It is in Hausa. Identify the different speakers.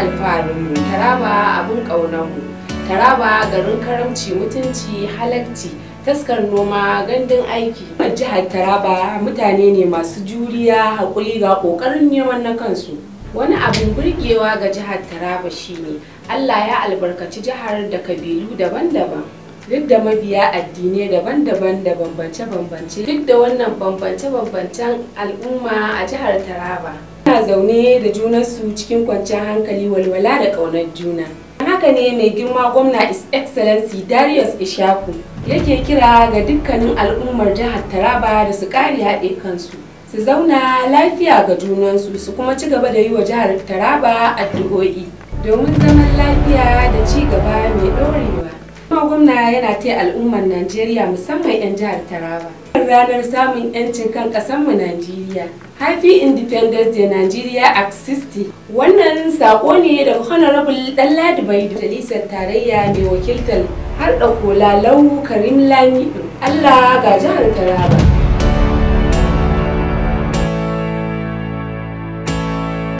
Speaker 1: alfaharinmu taraba abin ƙaunarmu taraba garin karamci mutunci halakci taskar noma gandun aiki a jihar taraba mutane ne masu juriya haƙuri ga ƙoƙarin neman na kansu wani abin burgewa ga jihar taraba shine allah ya albarkaci jihar da kabilu daban-daban duk da mabiya addinai daban-daban da bambance-bambance duk da wannan bambance-bambancen al'umma a jihar taraba zaune da junansu cikin kwanciyar hankali walwala da ƙaunar juna haka ne mai girma gwamna is excellency darius ishaku yake kira ga dukkanin al'ummar jihar taraba da su kare haɗe kansu su zauna lafiya ga junansu su kuma ci gaba da yi wa jihar taraba addu'o'i domin zaman lafiya da ci gaba mai ɗorewa kuma gwamna yana ta al'ummar Najeriya musamman 'yan jihar Taraba. Ranar samun 'yancin kan mu Najeriya. Happy Independence Day Nigeria Act 60. Wannan saƙo ne daga Honorable Ɗanladi da Majalisar Tarayya mai wakiltar har da kola Lau Karim Lami, Allah ga jihar Taraba.